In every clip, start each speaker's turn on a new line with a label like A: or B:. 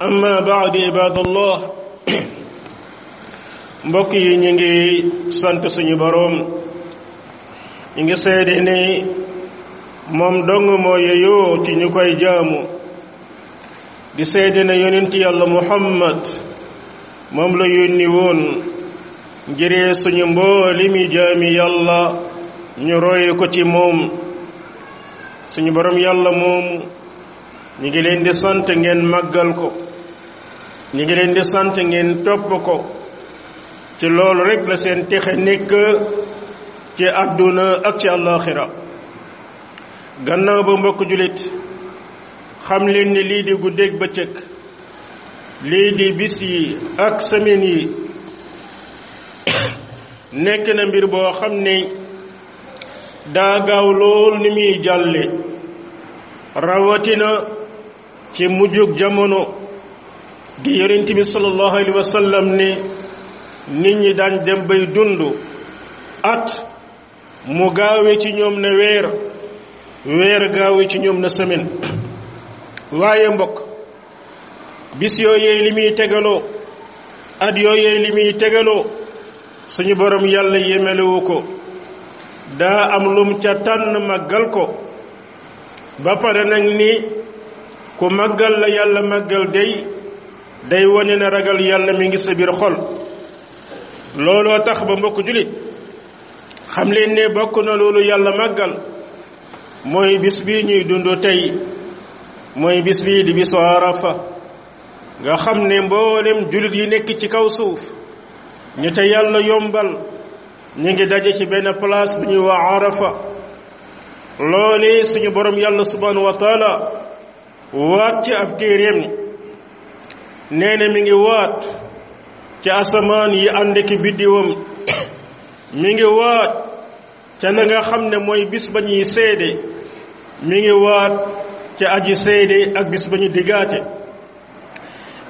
A: amma baad ibadallah mbokk yi ñu ngi sant suñu borom ñu ngi seede ni moom dong moo yeyoo ci ñu koy jaamu di seede na yonent yàlla muhammad moom la yónni woon ngiree suñu mboolimi jaami yàlla ñu roy ko ci moom suñu borom yàlla moom ñu ngi leen di sant ngeen màggal ko ñu ngi leen di sant ngeen topp ko ci loolu rek la seen texe nekk ci àdduna ak ci alaxira gannaaw ba mbokk julit xam leen ne lii di guddeeg bëccëg lii di bis yi ak semaine yi nekk na mbir boo xam ne daa gaaw lool ni muy jàlle rawatina ci mujjug jamono gi yonent bi sallallahu alayhi wa ni nit ñi daan dem bay dund at mu gaawee ci ñoom ne weer weer gaawee ci ñoom na semaine waaye mbokk bis yooyee li muy tegaloo at yooyee li muy tegaloo suñu boroom yàlla yemelewu ko daa am lum ca tànn màggal ko ba pare nag ni ku màggal la yàlla màggal day day wone ne ragal yàlla mi ngi sa biir xol looloo tax ba mbokk julit xam leen ne bokk na loolu yàlla màggal mooy bis bii ñuy dund tey mooy bis bii di bisu arafa nga xam ne mboolem julit yi nekk ci kaw suuf ñu te yàlla yombal ñu ngi daje ci benn place bu ñuy waa arafa loolee suñu borom yàlla subhanahu wa taala waat ci ab téeréem ni neene mi ngi waat ci asamaan yi ànde ki biddiwam mi ngi waat ca na nga xam ne mooy bis ba ñuy seede mi ngi waat ca aji seede ak bis ba ñu diggaate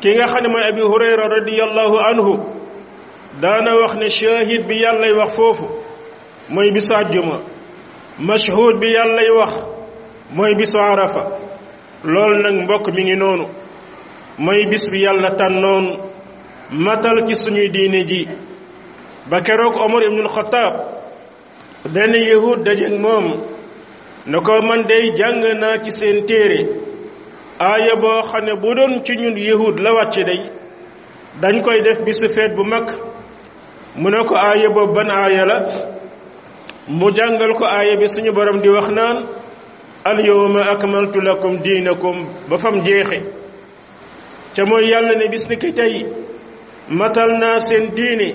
A: ki nga xam ne mooy abi hurayra radiallahu anhu daana wax ne shahid bi yàllay wax foofu mooy bisa juma mashhud bi yàllay wax mooy bisu arafa loolu nag mbokk mi ngi noonu moy bis bi yalla tan non matal ci suñu diine ji ba kérok omar ibn al-khattab ben yahud dajé mom nako man day jang na ci sen téré aya bo xane bu doon ci ñun yahud la wacc day dañ koy def bis fête bu mak mu ne ko aya bo ban aya la mu jangal ko aya bi suñu borom di wax naan al yawma akmaltu lakum dinakum ba fam jeexé te mooy yàlla ne bis ni ki tey matal naa seen diine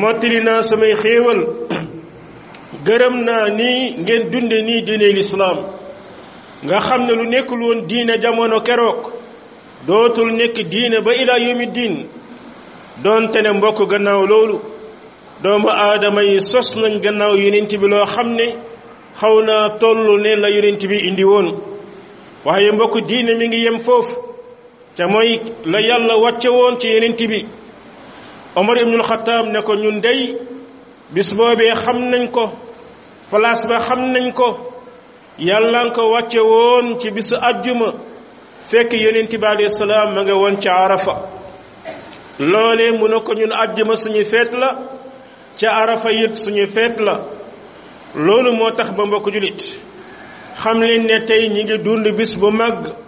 A: mottali naa samay xéewal gërëm naa nii ngeen dunde nii diine lislaam nga xam ne lu nekkul woon diine jamono keroog dootul nekk diine ba ilaa yawmi diin doonte ne mbokk gannaaw loolu doomu aadama yi sos nañ gannaaw yonent bi loo xam ne xaw naa toll ne la yonent bi indi woon waaye mbokk diine mi ngi yem foofu ca moy la yàlla wàcce woon ci yeneen bi Omar ibnul Xataab ne ko ñun dey bis boobee xam nañ ko place ba xam nañ ko yàlla nga ko wàcce woon ci bisu àjjuma fekk yeneen bi alayhi salaam ma nga woon ca arafa loolee mu ne ko ñun àjjuma suñu feet la ca arafa it suñu feet la loolu moo tax ba mbokk jullit xam leen ne tey ñi ngi dund bis bu màgg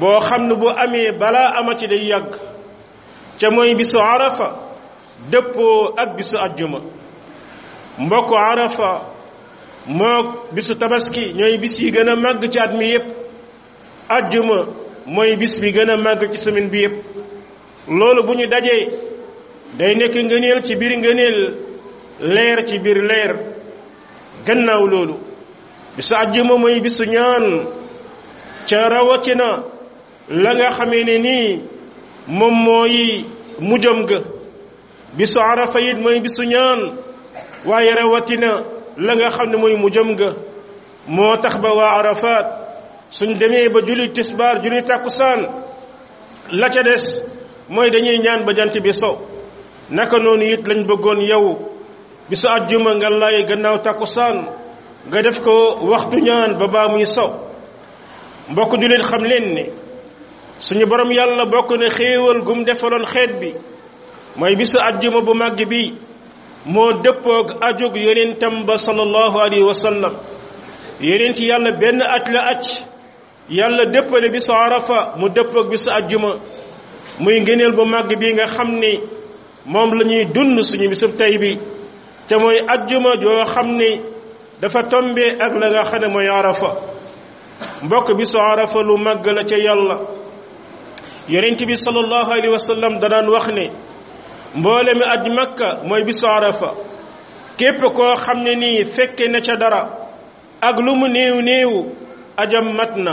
A: boo xam ne bu amee balaa amati day yàgg ca mooy bisu arafa dëppoo ak bisu ajjuma mbokk arafa mook bisu tabaski ñooy bis yi gën a màgg ci at mi yépp ajjuma mooy bis bi gën a màgg ci semaine bi yépp loolu bu ñu dajee day nekk ngëneel ci biir ngëneel leer ci biir leer gannaaw loolu bisu ajjuma mooy bisu ñaan ca rawatina la nga xamee ne nii moom mooy mujjam ga bisu arafa mooy bisu waaye rawatina la nga xam ne mooy mujjam ga moo tax ba waa suñ demee ba julli tisbaar julli tàkkusaan la ca des mooy dañuy ñaan ba jant bi so naka noonu it lañ bëggoon yow bisu àjjuma nga lay gannaaw tàkkusaan nga def ko waxtu ñaan ba baa muy so mbokk jullit xam leen ne suñu boroom yàlla bokk ne xéewal gum defaloon xeet bi mooy bisu ajjuma bu màgg bi moo dëppoog ajug yonentam ba sallallahu alayhi wa sallam yonent yàlla benn aj la aj yàlla dëppale bisu arafa mu dëppoog bisu ajjuma muy ngëneel bu màgg bi nga xam ni moom la ñuy dund suñu bisub tey bi te mooy ajjuma joo xam ni dafa tombe ak la nga xam ne mooy arafa mbokk bisu arafa lu màgg la ca yàlla yonent bi sallallahu alayhi wa sallam danaan wax ne mboole mi aj makka mooy bisu arafa képp koo xam ne nii fekke na ca dara ak lu mu néew néewu ajam mat na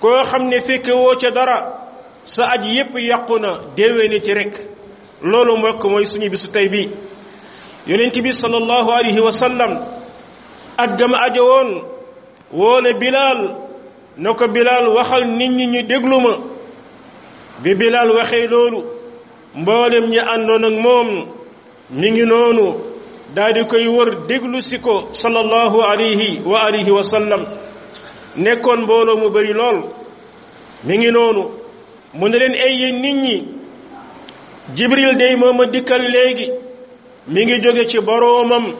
A: koo xam ne fekke woo ca dara sa aj yépp yàqu na déewéene ci rekk loolu mbokk mooy suñu bisu tey bi yonent bi sallallahu alayhi wa sallam aj gama aja woon woone bilaal na ko bilaal waxal nit ñi ñu déglu ma bi bilal waxee loolu mboolem ñi àndoon ak moom mi ngi noonu daa di koy wër déglu si ko salallahu alayhi wa alihi wa sallam nekkoon mbooloo mu bëri lool mi ngi noonu mu ne leen ay yéen nit ñi jibril day moom a dikkal léegi mi ngi jóge ci boroomam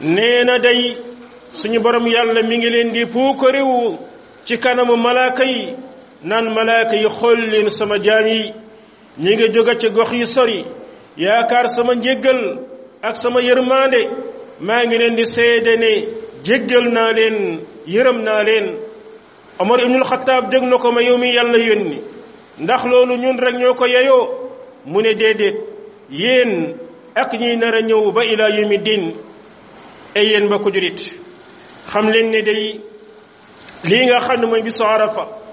A: nee na day suñu borom yàlla mi ngi leen di puukariwu ci kanamu malaaka yi naan malaaka yi xool leen sama jaam yi ñi nga jóge ca gox yu sori yaakaar sama njéggal ak sama yërmaande maa ngi leen di seede ne jéggal naa leen yërëm naa leen Omar ibnul Xataab jóg na ko ma yow mi yàlla yónni ndax loolu ñun rek ñoo ko yayoo mu ne déedéet yéen ak ñiy nar a ñëw ba ilaa yawmi diin ay yéen ba ko xam leen ne day lii nga xam ne mooy bisu Arafa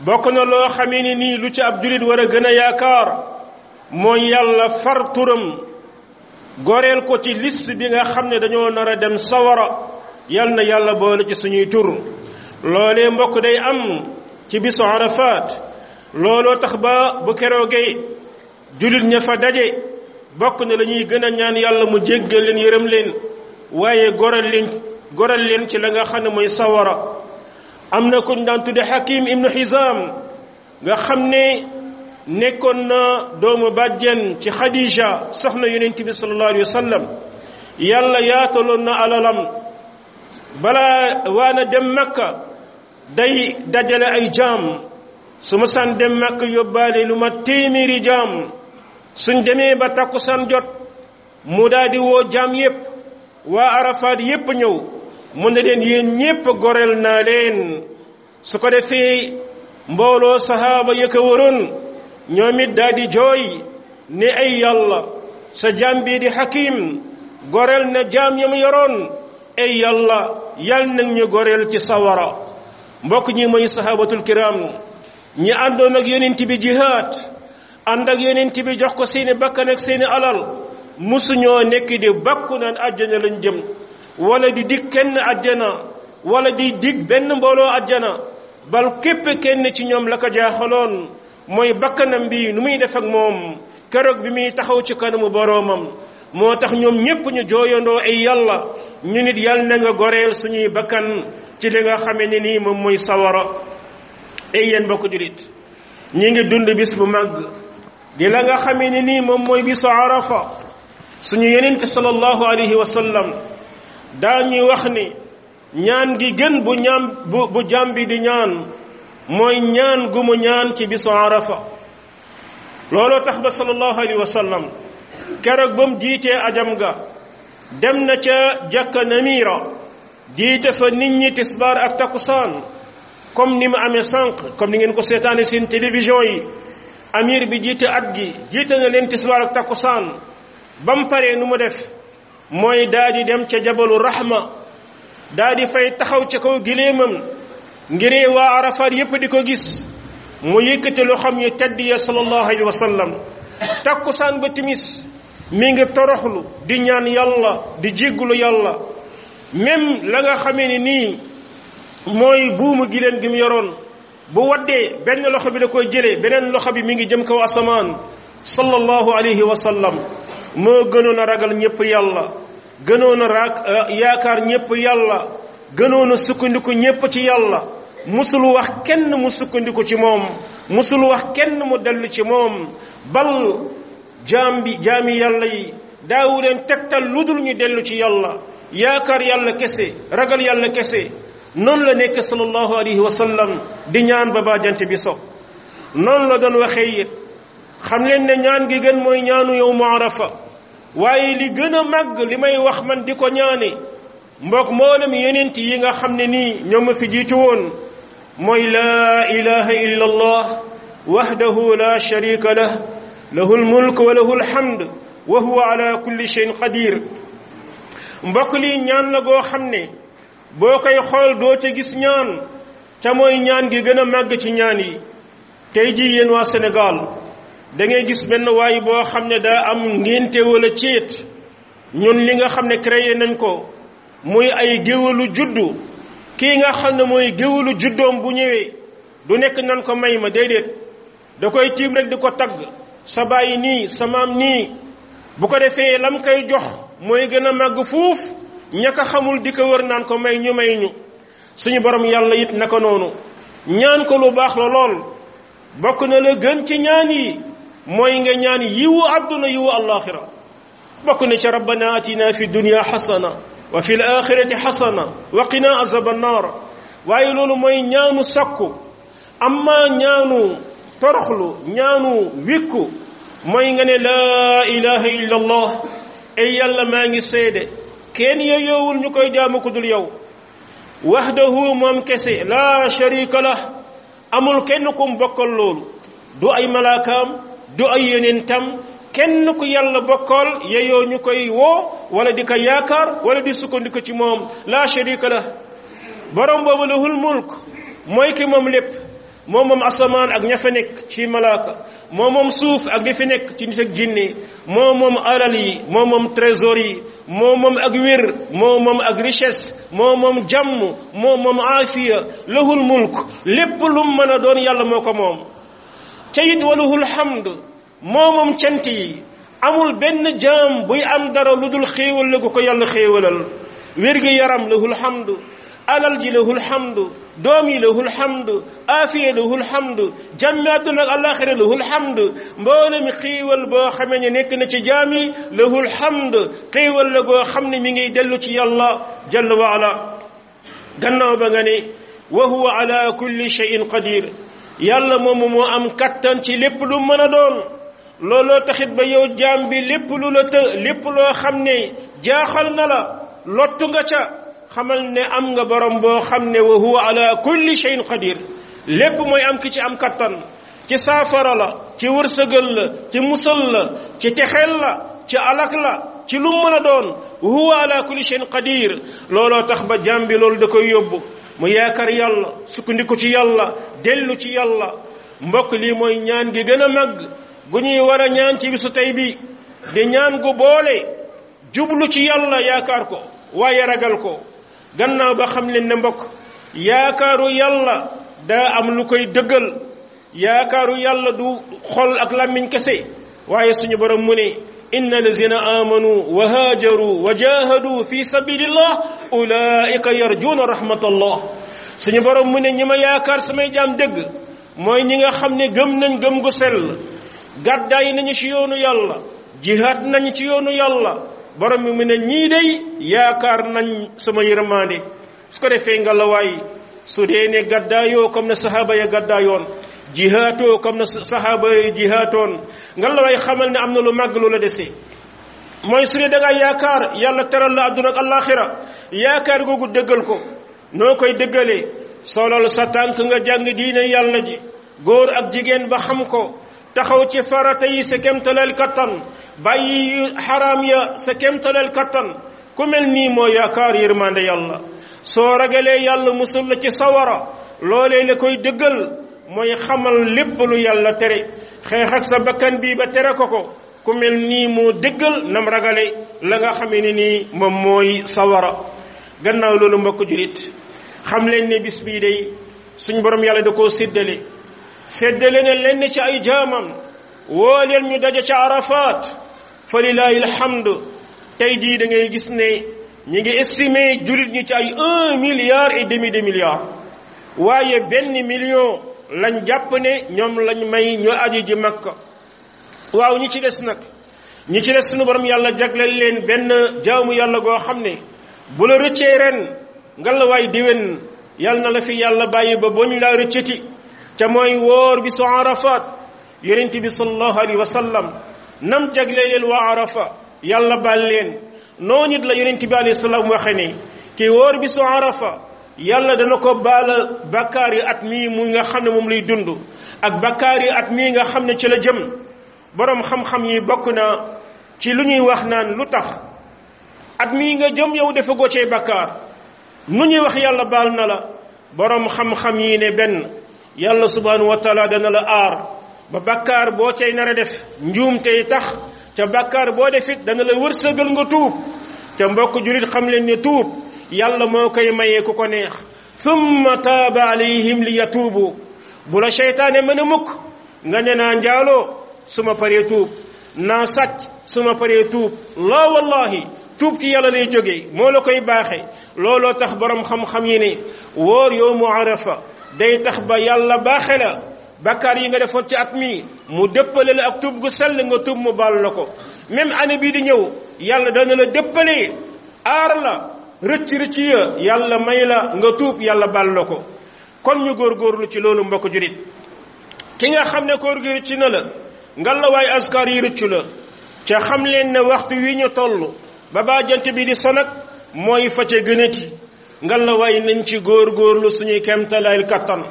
A: bokk na loo xamee ni nii lu ci ab jullit war a gën a yaakaar mooy yàlla far turam goreel ko ci liste bi nga xam ne dañoo nar a dem sawara yal na yàlla boole ci suñuy tur loolee mbokk day am ci bisu Arafat looloo tax ba bu keroogee jullit ña fa daje bokk na la ñuy gën a ñaan yàlla mu jéggal leen yërëm leen waaye goral leen goral leen ci la nga xam ne mooy sawara am na kuñ daan tudde hakim ibnu hizam nga xam ne nekkoon na doomu bàjjen ci xadija soxna yonent bi salallahu alayhi wa sallam yàlla yaataloon na alalam bala waana dem makka day dajale ay jaam su ma san dem makka yóbbaale lu ma téeméeri jaam suñ demee ba takku san jot mu daal di woo jaam yépp waa arafaat yépp ñëw mu ne leen yéen ñépp goreel naa leen su ko defee mbooloo sahaaba ya ko waroon ñoom it daal di jooy ne ay yàlla sa jaam bii di hakim goreel na jaam ya yoroon ay yàlla yal nag ñu goreel ci sawara mbokk ñi mooy sahabatul kiram ñi àndoon ak yonent bi jihaad ànd ak yonent bi jox ko seeni bakkan ak seeni alal musuñoo nekk di bakku naan àjjana lañ jëm wala di dig kenn àjjana walla di dig benn mbooloo àjjana bal képp kenn ci ñoom la ko jaaxaloon mooy bakkanam bi nu muy def ak moom keroog bi muy taxaw ci kanamu boroomam moo tax ñoom ñépp ñu jooyandoo ay yàlla ñu nit yàlla na nga goreel suñuy bakkan ci li nga xamee ni nii moom mooy sawara ay yéen bokk julit ñi ngi dund bis bu màgg di la nga xame ne nii moom mooy bisu arafa suñu yenente sallallahu alayhi wa sallam daañuy wax ni ñaan gi gën bu ñaam bu bu di ñaan mooy ñaan gu mu ñaan ci bisu arafa looloo tax ba sallallahu alayhi wa sallam keroog ba mu jiitee ajam ga dem na ca jàkka namira diite fa nit ñi tisbaar ak takusaan comme ni mu amee sànq comme ni ngeen ko seetaane seen télévision yi amir bi jiite at gi jiite na leen tisbaar ak takusaan ba mu paree nu mu def mooy daa di dem ca jabalu rahma daa di fay taxaw ca kaw giléemam ngir waa arafat yépp di ko gis mu yëkkati loo xam ne tedd ya sallallahu alayhi wa sallam takkusaan ba timis mi ngi toroxlu di ñaan yàlla di jéggulu yàlla même la nga xamee ni nii mooy buumu giléem gi mu yoroon bu waddee benn loxo bi da koy jëlee beneen loxo bi mi ngi jëm kaw asamaan sallallahu alayhi wa sallam moo gënoon a ragal ñépp yàlla gënoon a raak euh, yaakaar ñépp yàlla gënoon a sukkandiku ñépp ci yàlla mosul wax kenn mu sukkandiku ci moom mosul wax kenn mu dellu ci moom bal jaam bi jaami yàlla yi daawu leen tegtal lu dul ñu dellu ci yàlla yaakaar yàlla kese ragal yàlla kese noonu la nekk sallallahu alayhi wa sallam di ñaan ba ba bi soo noonu la doon waxee it xam leen ñaan gi gën mooy ñaanu yow mu arafa waaye li gën a màgg li may wax man di ko ñaane mbokk mboolem yenent yi nga xam ne nii ñoom fi jiitu woon mooy laa ilaha illa allah wahdahu la sharika lah lahu lmulk wa lahu lhamd wa huwa ala kulli cheyin qadir mbokk lii ñaan la goo xam ne boo koy xool doo ca gis ñaan te mooy ñaan gi gën a màgg ci ñaan yi tey jii yéen waa sénégal da ngay gis benn waay boo xam ne daa am ngénte wala céet ñun li nga xam ne créé nañ ko muy ay géwélu juddu kii nga xam ne mooy géwélu juddoom bu ñëwee du nekk nan ko may ma déedéet da koy tiim rek di ko tagg sa bàyyi nii sa maam nii bu ko defee lam koy jox mooy gën a màgg fuuf ñaka xamul di ko wër naan ko may ñu may ñu suñu borom yàlla it naka noonu ñaan ko lu baax la lool bokk na la gën ci ñaan yi mooy nga ñaan yiwu àdduna yiwu alaxira bokku ne ci rabbana atina fi dunya hasana wa fi akhirati hasana wa qina azaba nar way lolu moy ñaanu sakku amma ñaanu torxlu ñaanu wikku moy nga ne la ilaha illa allah ay yàlla ma ngi seede ken yoyowul ñu koy jaamu ku dul yow wahdahu mom kesse la sharika lah amul kenn kum bokkal lolu du ay malaakaam du ay yonentam kenn ku yàlla bokkool yeyoo ñu koy woo wala di ko yaakaar wala di sukkandiku ci moom la sharika la borom boobu lahul mulk mooy ki moom lépp moom moom asamaan ak ña nekk ci malaaka moom moom suuf ak di fi nekk ci nit ak jinne moom moom alal yi moom moom trésor yi moom moom ak wér moom moom ak richesse moom moom jàmm moom moom aafiya lahul mulk lépp lu mu mën a doon yàlla moo ko moom ca it waluhul hamd moo moom cant yi amul benn jaam buy am dara lu dul xéewal la ko ko yàlla xéewalal wér gi yaram lahul hamd alal ji lahul hamd doom yi lahul hamd aafiya lahul hamd jàmmi àdduna ak alaxira lahul hamd mboolem xiiwal boo xamee ne nekk na ci jaam yi lahul hamd xiiwal la goo xam ne mi ngi dellu ci yàlla jalla wa ala gannaaw ba nga ne wa huwa ala kulli cheyin qadir yàlla moomu moo am kattan ci lépp lu mën a doon looloo taxit ba yow jaam bi lépp lu la të lépp loo xam ne jaaxal na la lottu nga ca xamal ne am nga borom boo xam ne wa huwa ala kulli shay'in qadir lépp mooy am ki ci am kattan ci saafara la ci wërsëgal la ci musal la ci texeel la ci alak la ci lu mën a doon wa huwa ala kulli shay'in qadir looloo tax ba jaam bi loolu da koy yóbbu mu yaakaar yàlla sukkandiku ci yàlla dellu ci yàlla mbokk lii mooy ñaan gi gën a mag gu ñuy war a ñaan ci bisu tey bi di ñaan gu boole jublu ci yàlla yaakaar ko waaye ragal ko gannaaw ba xam leen ne mbokk yaakaaru yàlla daa am lu koy dëggal yaakaaru yàlla du xol ak làmmiñ kese waaye suñu borom mu ne إن الذين آمنوا وهاجروا وجاهدوا في سبيل الله أولئك يرجون رحمة الله suñu borom mu ne ñi ma yaakaar samay jaam dëgg mooy ñi nga xam ne gëm nañ gëm gu sell gàddaay nañu ci yoonu yàlla jihaad nañ ci yoonu yàlla borom bi mu ne ñii day yaakaar nañ sama yërmande su ko defee nga la waay su dee ne gàddaayoo comme ne sahaaba ya gàddaayoon jihaatoo comme na saxaaba yi jihaatoon nga la way xamal ne am na lu màgg loola de se mooy su dee da yaakaar yàlla teral la àdduna ak àllaaxira yaakaar googu dëggal ko noo koy dëggalee solal sa tànk nga jàng diine yàlla ji góor ak jigéen ba xam ko taxaw ci farata yi sa kemtaleel kattan bàyyi xaraam ya sa kemtaleel kattan ku mel nii moo yaakaar yërmande yàlla soo ragalee yàlla musul la ci sawara loolee koy dëggal mooy xamal lépp lu yàlla tere xeex ak sa bakkan bii ba tere ko ko ku mel nii moo dëggal nam ragale la nga xamee ne nii moom mooy sawara gannaaw loolu mbokk julit xam leen ne bis bii day suñ borom yàlla da koo séddale séddale ne lenn ci ay jaamam woo leen ñu daje ca arafat fa lilahi lhamd tey jii da ngay gis ne ñi ngi estimé julit ñu ci ay un milliard et demi de milliard waaye benn million lañ jàpp ne ñoom lañu may ñu aju ji makka waaw ñi ci des nag ñi ci des suñu borom yàlla jagleel leen benn jaamu yàlla goo xam ne bu la rëccee ren ngalawaay diwen yàlla na la fi yàlla bàyyi ba boñ laa rëccati te mooy wóor bi su arafat yonent bi sallallahu alayhi wa sallam nam jagleel leen waa arafa yàlla baal leen noonu it la yonent bi alayhi salaam waxe ne ki wóor bi su arafa yàlla dana ko baala bàkkaar yi at mii mu nga xam ne moom lay dund ak bakkaar yi at mii nga xam ne ci la jëm boroom xam-xam yi bokk na ci lu ñuy wax naan lu tax at mii nga jëm yow dafa goccee bakkaar nu ñuy wax yàlla baal na la boroom xam-xam yi ne benn yàlla subhanahu wa taala dana la aar ba bakkaar boo cay nar a def njuum tey tax ca bakkaar boo defit dana la wër wërsëgal nga tuub ca mbokk jullit xam leen ne tuub yàlla moo koy mayee ko ko neex thumma taaba alayhim li yatuubu bu la seytaane mën a mukk nga ne naa njaaloo suma ma paree tuub naa sàcc suma ma paree tuub laa wallahi tuub ci yàlla lay jógee moo la koy baaxee looloo tax borom xam-xam yi ne wóor yow mu arafa day tax ba yàlla baaxe la bakkaar yi nga defoon ci at mi mu dëppale la ak tuub gu sell nga tuub mu baal la ko même année bii di ñëw yàlla dana la dëppalee aar la rëcc rëcc ya yàlla may la nga tuub yàlla bal la ko kon ñu góor góorlu ci loolu mbokk jurit ki nga xam ne koor gi rëcc na la ngalawaay askar yi rëccu la ca xam leen ne waxtu wi ñu toll ba baa jant bi di sonag mooy fa ca gënati ngalawaay nañ ci góor góorgóorlu suñuy kemtalaayal kàttan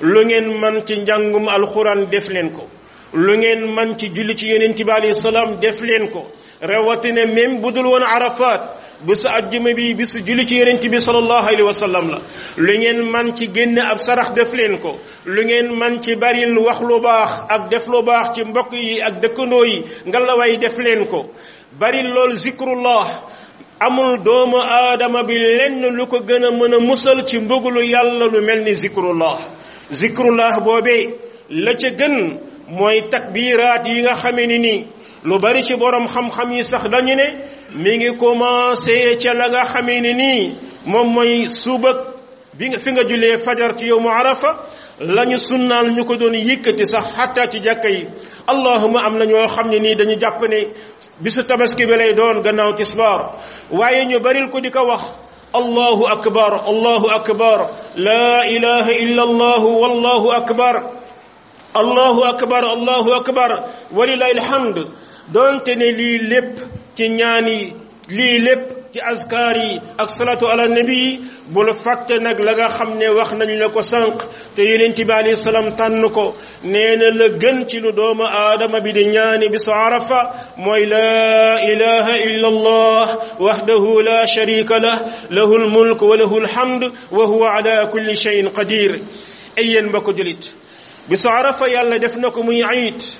A: lu ngeen man ci njàngum alxuraan def leen ko lu ngeen man ci julli ci yonent bi alayhi def leen ko rawatina même bu dul arafat bisu àjjuma bi bisu julli ci yonent bi sallallahu alayhi wa la lu ngeen man ci génn ab sarax def leen ko lu ngeen man ci baril wax lu baax ak def lu baax ci mbokk yi ak dëkkandoo yi ngalawaay def leen ko baril lool zikrullah amul doomu aadama bi lenn lu ko gën a musal ci mbugulu yàlla lu mel zikrullah zikrullah boobee la ca gën moy takbirat yi nga xamé ni nii lu bari ci borom xam-xam yi sax dañu ne mi ngi commencé ci la nga xamé ni nii moom mooy subak bi nga fi nga julé fajar ci yow mu arafa lañu sunnal ñuko doon yëkkati sax hatta ci jakkay اللهم allahuma am خامني ني داني ne nii dañu jàpp ne bisu tabaski bi lay doon gannaaw tisbaar waaye ñu baril ko الله اكبر wax allahu akbar allahu akbar la ilaha illa allahu akbar allahu akbar allahu akbar walilah ilhamd donte ne lii lépp ci ñaan yi lii lépp ci askar yi ak salatu ala nabi bul fàtte nag la nga xam ne wax nañ la ko sànq te yenent bi alayhi salaam tànn ko nee na la gën ci lu doomu aadama bi di ñaani bisu arafa mooy la ilaha illa allah wahdahu la sharika lah lahu almulk wa lahu alhamd wa huwa ala kulli shayin qadir ay yéen mbokk julit bisu arafa yàlla def na ko muy ayit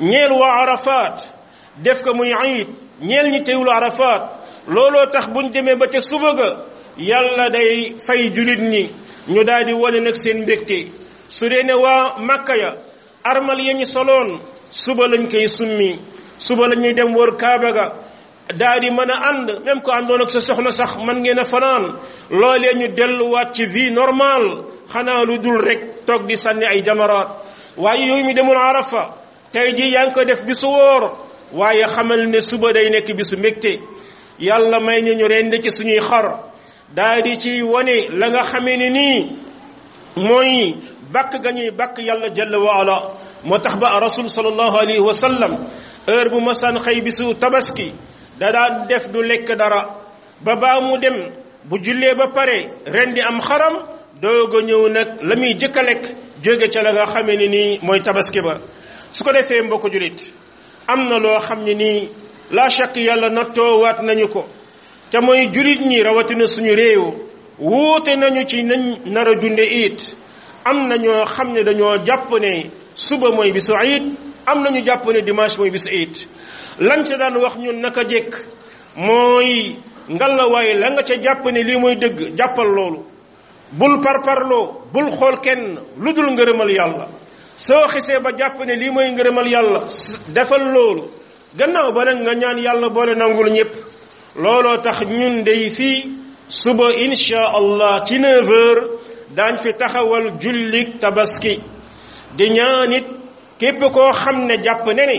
A: ñeel waa arafaat def ko muy ayit ñeel ñi teewlu arafaat looloo tax buñ demee ba ca suba ga yàlla day fay julit ni ñu daldi wane nag seen mbégte su dee ne waa màkka ya armal ya ñu soloon suba lañ koy summi suba lañuy dem wër kaaba ga daal di mën a ànd même ko àndoon ak sa soxna sax man ngeen a fanaan loolee ñu delluwaat ci vie normale xanaa lu dul rek toog di sànni ay jamaraat waaye yooyu mi demul arafa tey jii yaa ngi ko def bisu wóor waaye xamal ne suba day nekk su mbégte yàlla may ñu ñu rend ci suñuy xar daal di ci wane la nga xamee ne nii mooy bàkk ga ñuy bàkk yàlla jalla wa moo tax ba rasul sallallahu alayhi wa sallam heure bu masaan xëy bisu tabaski da daan def du lekk dara ba baa mu dem bu jullee ba pare rendi am xaram dooga ñëw nag la muy jëkk a lekk jóge ca la nga xamee ni nii mooy tabaski ba su ko defee mbokk julit am na loo xam ne nii laa shakk yàlla nattoowaat nañu ko te mooy julit ñi rawatina suñu réew wuute nañu ci nañ nara a dunde it am na ñoo xam ne dañoo jàpp ne suba mooy bisu iid am na ñu jàpp ne dimanche mooy bisu iid lan ca daan wax ñun naka jekk mooy ngalla waaye la nga ca jàpp ne lii mooy dëgg jàppal loolu bul par parloo bul xool kenn lu dul ngërëmal yàlla soo xisee ba jàpp ne lii mooy ngërëmal yàlla defal loolu gannaaw ba nag nga ñaan yàlla boole nangul ñëpp looloo tax ñun dey fii suba insha allah ci 9 heures daañ fi taxawal jullik tabaski di ñaan it képp koo xam ne jàpp ne ne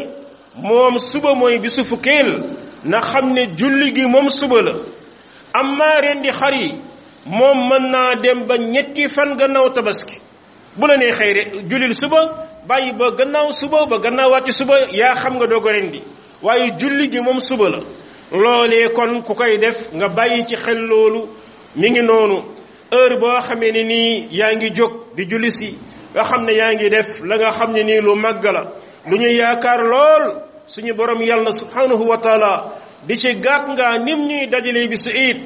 A: moom suba mooy bisu fukkeel na xam ne julli gi moom suba la amma rendi xar yi moom mën naa dem ba ñetti fan gannaaw tabaski bu la neexee rek julil suba bàyyi ba gannaaw suba ba gannaaw wàcc suba yaa xam nga doo ko rendi waaye julli ji moom suba la loolee kon ku koy def nga bàyyi ci xel loolu mi ngi noonu heure boo xamee ne nii yaa ngi jóg di julli si nga xam ne yaa ngi def la nga xam ne nii lu màgg la lu ñu yaakaar lool suñu borom yàlla subhanahu wa taala di ci gàtt ngaa nim ñuy dajale bi su iid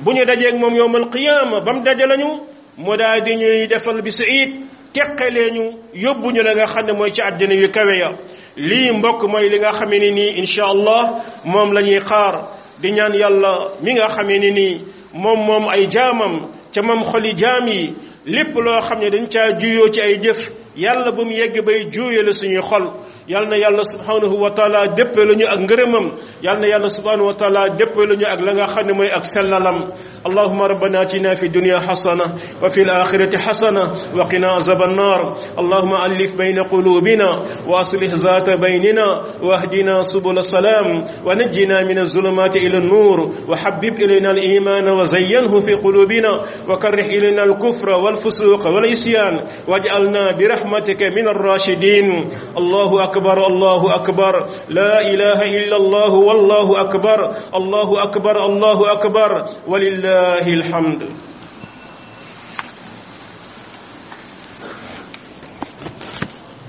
A: bu ñu dajeeg moom yowmal qiyaama ba mu daje lañu mu daal di ñuy defal bi said teqalee ñu yóbbu ñu la nga xam ne mooy ci àddina yu kawe ya lii mbokk mooy li nga xamee ne nii incha allah moom la ñuy xaar di ñaan yàlla mi nga xamee ne nii moom moom ay jaamam ca moom xoli jaam yi lépp loo xam ne dañ caa juyoo ci ay jëf yàlla bu mu yegg bay juuyale suñuy xol yàlla na yàlla subhanahu wa taala déppee la ñu ak ngërëmam yàlla na yàlla subhanahu wa taala déppee la ñu ak la nga xam ne mooy ak sellalam اللهم ربنا اتنا في الدنيا حسنة وفي الآخرة حسنة وقنا عذاب النار اللهم ألف بين قلوبنا وأصلح ذات بيننا واهدنا سبل السلام ونجنا من الظلمات إلى النور وحبب إلينا الإيمان وزينه في قلوبنا وكره إلينا الكفر والفسوق والعصيان واجعلنا برحمة برحمتك من الراشدين الله أكبر الله أكبر لا إله إلا الله والله أكبر الله أكبر الله أكبر ولله الحمد